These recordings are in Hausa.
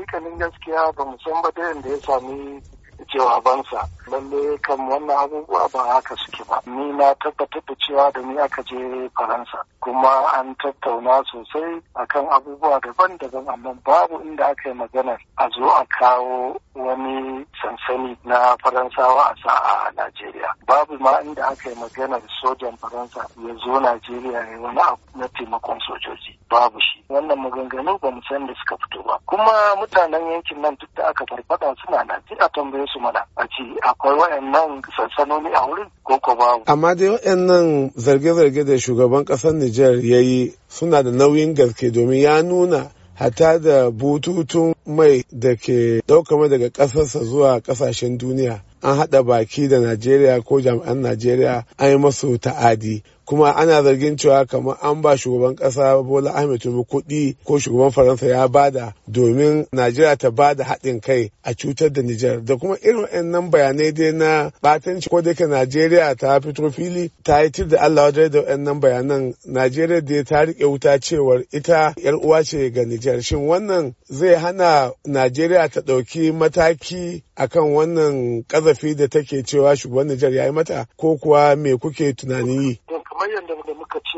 hakikanin gaskiya ba mu san ba da yadda ya sami cewa jawabansa lalle kan wannan abubuwa ba haka suke ba ni na tabbatar da cewa da ni aka je faransa kuma an tattauna sosai akan abubuwa daban-daban amma babu inda aka yi magana a zo a kawo wani sansani na faransawa a sa'a a najeriya babu ma inda aka yi maganar sojan faransa ya zo najeriya ya wani abu na taimakon sojoji babu shi wannan maganganu ba mu san da suka fito ba kuma mutanen yankin nan duk da aka farfada suna na ji a tambaye su mana a ce akwai wayannan sansanoni a wurin ko ko babu amma dai wayannan zarge-zarge da shugaban kasar Nijar ya yi suna da nauyin gaske domin ya nuna hata da bututun mai da ke ɗauka mai daga ƙasarsa zuwa ƙasashen duniya an haɗa baki da najeriya ko jami'an najeriya an yi masu ta'adi kuma ana zargin cewa kamar an ba shugaban kasa bola ahmed tinubu kuɗi ko shugaban faransa ya bada domin najeriya ta bada haɗin kai a cutar da nijar da kuma irin waɗannan bayanai dai na batanci ko da najeriya ta fito fili ta yi tir da allah wajen da waɗannan bayanan najeriya da ta riƙe wuta cewar ita yar uwa ce ga nijar shin wannan zai hana najeriya ta ɗauki mataki akan wannan ƙazafi da take cewa shugaban nijar ya yi mata ko kuwa me kuke tunanin yi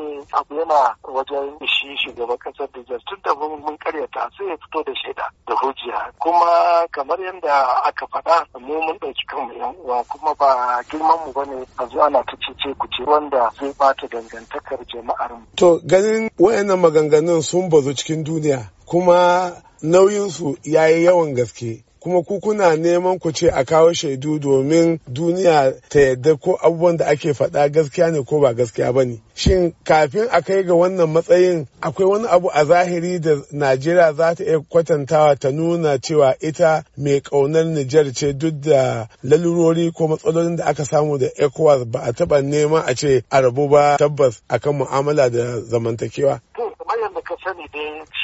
ce abu yana wajen ishi shugaban kasar jar tun da mun karyata sai ya fito da shaida da hujja kuma kamar yadda aka faɗa mu mun ɗauki kanmu yan uwa kuma ba girman mu bane a zuwa na ta cece ku ce wanda zai bata dangantakar jama'ar mu. To ganin wayannan maganganun sun bazu cikin duniya kuma nauyinsu ya yi yawan gaske kuma ku kuna neman ku ce a kawo shaidu domin duniya ta yadda ko abubuwan da ake faɗa gaskiya ne ko ba gaskiya ba ne shin kafin a kai ga wannan matsayin akwai wani abu a zahiri da najeriya za ta iya kwatantawa ta nuna cewa ita mai ƙaunar nijar ce duk da lalurori ko matsalolin da aka samu da ecowas ba a taɓa neman a ce a rabu ba tabbas akan mu'amala da zamantakewa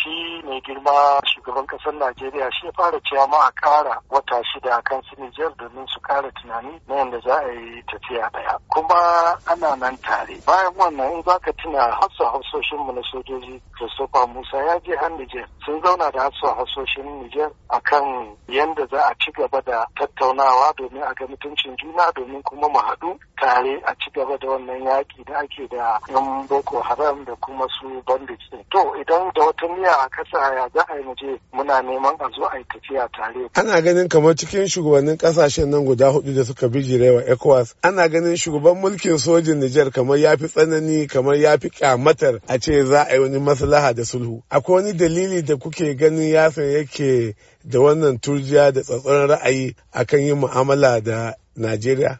shi mai girma shugaban kasar Najeriya shi ya fara cewa ma a kara wata shida a kan su Nijar domin su kara tunani na yadda za a yi tafiya daya. Kuma ana nan tare. Bayan wannan in za ka tuna hafsa hasoshin mu na sojoji Christopher Musa ya je har Nijar. Sun zauna da hafsa hafsoshin Nijar kan yadda za a ci gaba da tattaunawa domin a ga mutuncin juna domin kuma mu haɗu tare a ci gaba da wannan yaƙi da ake da 'yan Boko Haram da kuma su bandit. To idan da wata niyya a kasa ya za a yi je muna neman a zo a yi tafiya tare. Ana ganin kamar cikin shugabannin ƙasashen nan guda hudu da suka bi wa ECOWAS ana ganin shugaban mulkin sojin Nijar kamar ya fi tsanani kamar ya fi kyamatar a ce za a yi wani maslaha da sulhu. Akwai wani dalili da kuke ganin yasa yake da wannan turjiya da tsatsarin ra'ayi akan yin mu'amala da Najeriya?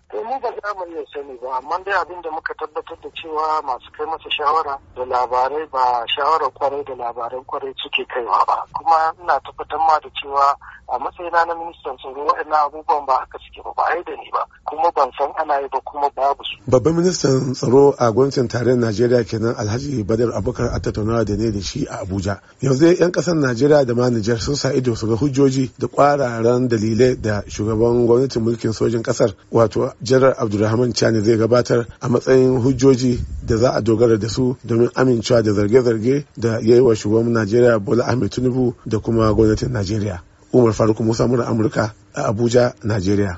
za mu iya sani ba amma dai abin da muka tabbatar da cewa masu kai masa shawara da labarai ba shawarar kwarai da labaran kwarai suke kaiwa ba kuma ina tabbatar ma da cewa a matsayina na ministan tsaro waɗannan abubuwan ba haka suke ba ba a yi da ni ba kuma ban san ana yi ba kuma babu su. Babban ministan tsaro a gwamnatin tarayyar Najeriya kenan Alhaji Badar Abubakar a tattaunawa da ne da shi a Abuja. Yanzu 'yan ƙasar Najeriya da ma Nijar sun sa ido su ga hujjoji da kwararan dalilai da shugaban gwamnatin mulkin sojin kasar wato Janar abdulrahman chani zai gabatar a matsayin hujjoji da za a dogara da su domin amincewa da zarge-zarge da ya yi wa shugaban najeriya bola ahmed tinubu da kuma gwamnatin najeriya umar faruk musa mura amurka a abuja najeriya